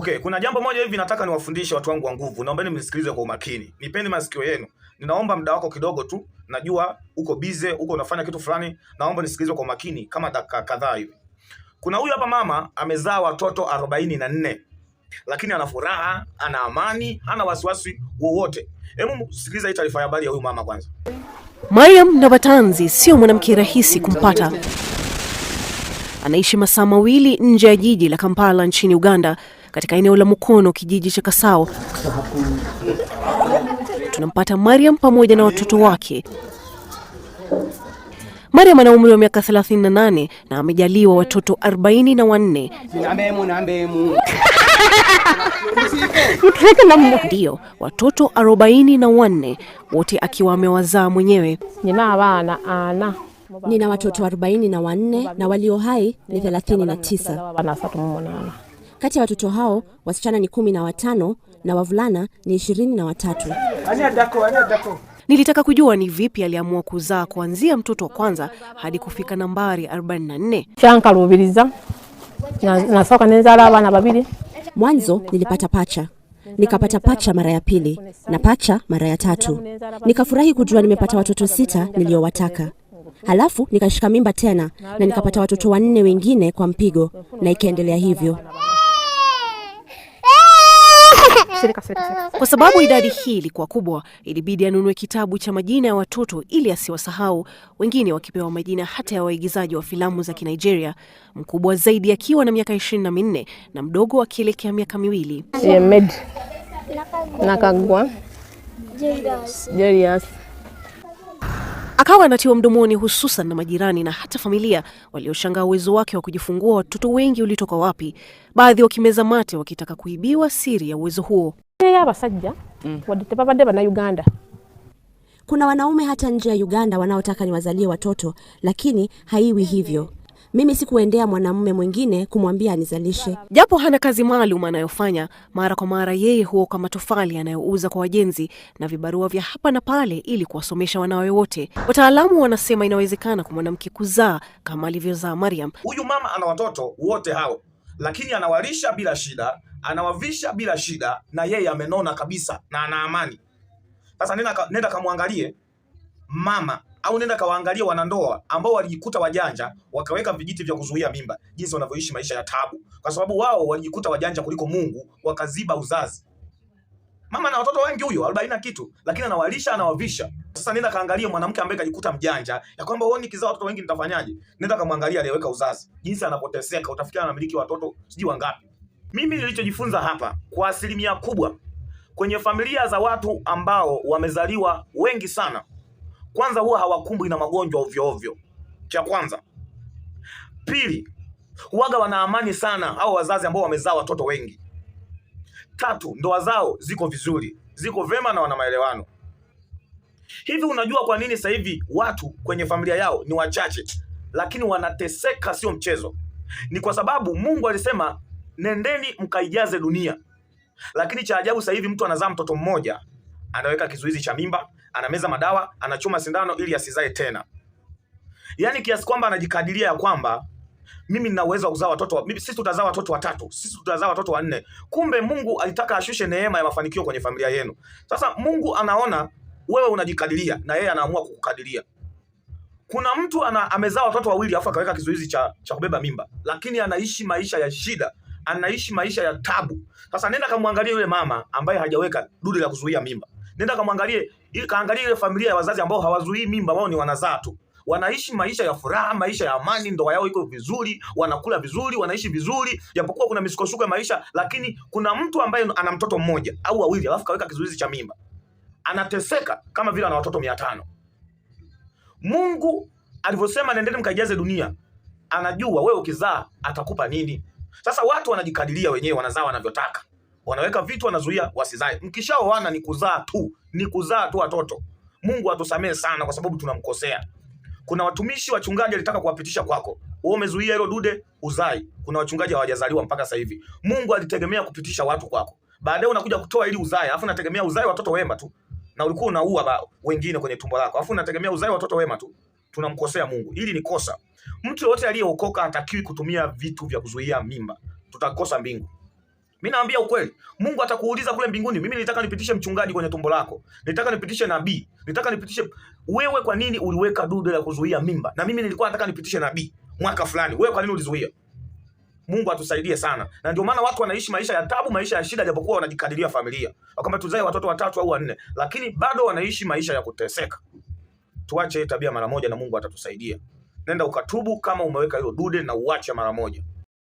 Okay, kuna jambo moja hivi nataka niwafundishe watu wangu wa nguvu. Naomba mnisikilize kwa umakini. Nipende masikio yenu. Ninaomba muda wako kidogo tu. Najua uko bize, uko unafanya kitu fulani. Naomba nisikilize kwa umakini kama dakika kadhaa hivi. Kuna huyu hapa mama amezaa watoto arobaini na nne lakini ana furaha, ana amani, hana wasiwasi wowote. Hebu sikiliza hii taarifa ya habari ya huyu mama kwanza. Mariam Nabatanzi sio mwanamke rahisi kumpata. Anaishi masaa mawili nje ya jiji la Kampala nchini Uganda katika eneo la Mukono, kijiji cha Kasao. Tunampata Mariam pamoja na watoto wake. Mariam ana umri wa miaka 38 na amejaliwa watoto 44 na wanne. watoto 44 wote akiwa amewazaa mwenyewe. Nina watoto 40 na na walio hai ni 39. Kati ya watoto hao wasichana ni kumi na watano na wavulana ni ishirini na watatu. Nilitaka kujua ni vipi aliamua kuzaa kuanzia mtoto wa kwanza hadi kufika nambari 44 shankaluviliza nasoka nenzala abana babili. Mwanzo nilipata pacha nikapata pacha mara ya pili na pacha mara ya tatu. Nikafurahi kujua nimepata watoto sita niliyowataka. Halafu nikashika mimba tena na nikapata watoto wanne wengine kwa mpigo, na ikaendelea hivyo shirika, Kwa sababu idadi hii ilikuwa kubwa, ilibidi anunue kitabu cha majina ya watoto ili asiwasahau, wengine wakipewa majina hata ya waigizaji wa filamu za Kinigeria, mkubwa zaidi akiwa na miaka ishirini na minne na mdogo akielekea miaka miwili. Nakagwa Jerias Akawa anatiwa mdomoni hususan na majirani na hata familia walioshangaa uwezo wake wa kujifungua watoto wengi ulitoka wapi, baadhi wakimeza mate wakitaka kuibiwa siri ya uwezo huo. abasajja badde bana Uganda kuna wanaume hata nje ya Uganda wanaotaka niwazalie watoto, lakini haiwi hivyo mimi sikuendea mwanamume mwingine kumwambia anizalishe. Japo hana kazi maalum anayofanya, mara kwa mara yeye huoka matofali anayouza kwa wajenzi na vibarua vya hapa na pale ili kuwasomesha wanawe wote. Wataalamu wanasema inawezekana kwa mwanamke kuzaa kama alivyozaa Mariam. Huyu mama ana watoto wote hao, lakini anawalisha bila shida, anawavisha bila shida, na yeye amenona kabisa na ana amani. Sasa nenda, nenda kamwangalie mama au nenda kawaangalia wanandoa ambao walijikuta wajanja wakaweka vijiti vya kuzuia mimba, jinsi wanavyoishi maisha ya tabu, kwa sababu wao walijikuta wajanja kuliko Mungu, wakaziba uzazi. Mama na watoto wengi huyo arobaini na kitu, lakini anawalisha anawavisha. Sasa nenda kaangalia mwanamke ambaye kajikuta mjanja ya kwamba wewe nikizaa watoto wengi nitafanyaje? Nenda kamwangalia aliyeweka uzazi, jinsi anapoteseka, utafikiana na miliki watoto sijui wangapi. Mimi nilichojifunza hapa kwa asilimia kubwa kwenye familia za watu ambao wamezaliwa wengi sana kwanza huwa hawakumbwi na magonjwa ovyo ovyo, cha kwanza. Pili, huwaga wana amani sana au wazazi ambao wamezaa watoto wengi. Tatu, ndoa zao ziko vizuri, ziko vema na wana maelewano. Hivi unajua kwa nini sasa hivi watu kwenye familia yao ni wachache lakini wanateseka? Sio mchezo, ni kwa sababu Mungu alisema nendeni mkaijaze dunia, lakini cha ajabu sasa hivi mtu anazaa mtoto mmoja anaweka kizuizi cha mimba, anameza madawa, anachuma sindano ili asizae tena. Yaani kiasi kwamba anajikadiria ya kwamba mimi nina uwezo wa kuzaa watoto, mimi sisi tutazaa watoto watatu, sisi tutazaa watoto wanne. Kumbe Mungu alitaka ashushe neema ya mafanikio kwenye familia yenu. Sasa Mungu anaona wewe unajikadiria na yeye anaamua kukukadiria. Kuna mtu ana, amezaa watoto wawili afu akaweka kizuizi cha, cha kubeba mimba, lakini anaishi maisha ya shida, anaishi maisha ya tabu. Sasa nenda kamwangalie yule mama ambaye hajaweka dude la kuzuia mimba. Nenda kamwangalie, kaangalie ile familia ya wazazi ambao hawazuii mimba, wao ni wanazaa tu. Wanaishi maisha ya furaha, maisha ya amani, ndoa yao iko vizuri, wanakula vizuri, wanaishi vizuri, japokuwa kuna misukosuko ya maisha, lakini kuna mtu ambaye ana mtoto mmoja au wawili, alafu kaweka kizuizi cha mimba, anateseka kama vile ana watoto mia tano. Mungu alivyosema nendeni mkajaze dunia, anajua wewe ukizaa atakupa nini. Sasa watu wanajikadiria wenyewe, wanazaa wanavyotaka wanaweka vitu, wanazuia wasizae. Mkishaoana ni kuzaa tu, ni kuzaa tu watoto. Mungu atusamee sana, kwa sababu tunamkosea. Kuna watumishi wachungaji alitaka kuwapitisha kwako, wewe umezuia hilo dude uzai. Kuna wachungaji hawajazaliwa mpaka sasa hivi. Mungu alitegemea kupitisha watu kwako, baadaye unakuja kutoa ili uzae, alafu unategemea uzae watoto wema tu, na ulikuwa unaua wengine kwenye tumbo lako, alafu unategemea uzae watoto wema tu. Tunamkosea Mungu, hili ni kosa. Mtu yote aliyeokoka hatakiwi kutumia vitu vya kuzuia mimba, tutakosa mbingu. Mimi naambia ukweli. Mungu atakuuliza kule mbinguni, mimi nilitaka nipitishe mchungaji kwenye tumbo lako. Nilitaka nipitishe nabii. Nilitaka nipitishe wewe kwa nini uliweka dude la kuzuia mimba? Na mimi nilikuwa nataka nipitishe nabii mwaka fulani. Wewe kwa nini ulizuia? Mungu atusaidie sana. Na ndio maana watu wanaishi maisha ya tabu, maisha ya shida japokuwa wanajikadiria familia. Wakamba tuzae watoto watatu au wanne, lakini bado wanaishi maisha ya kuteseka. Tuache tabia mara moja na Mungu atatusaidia. Nenda ukatubu kama umeweka hilo dude na uache mara moja.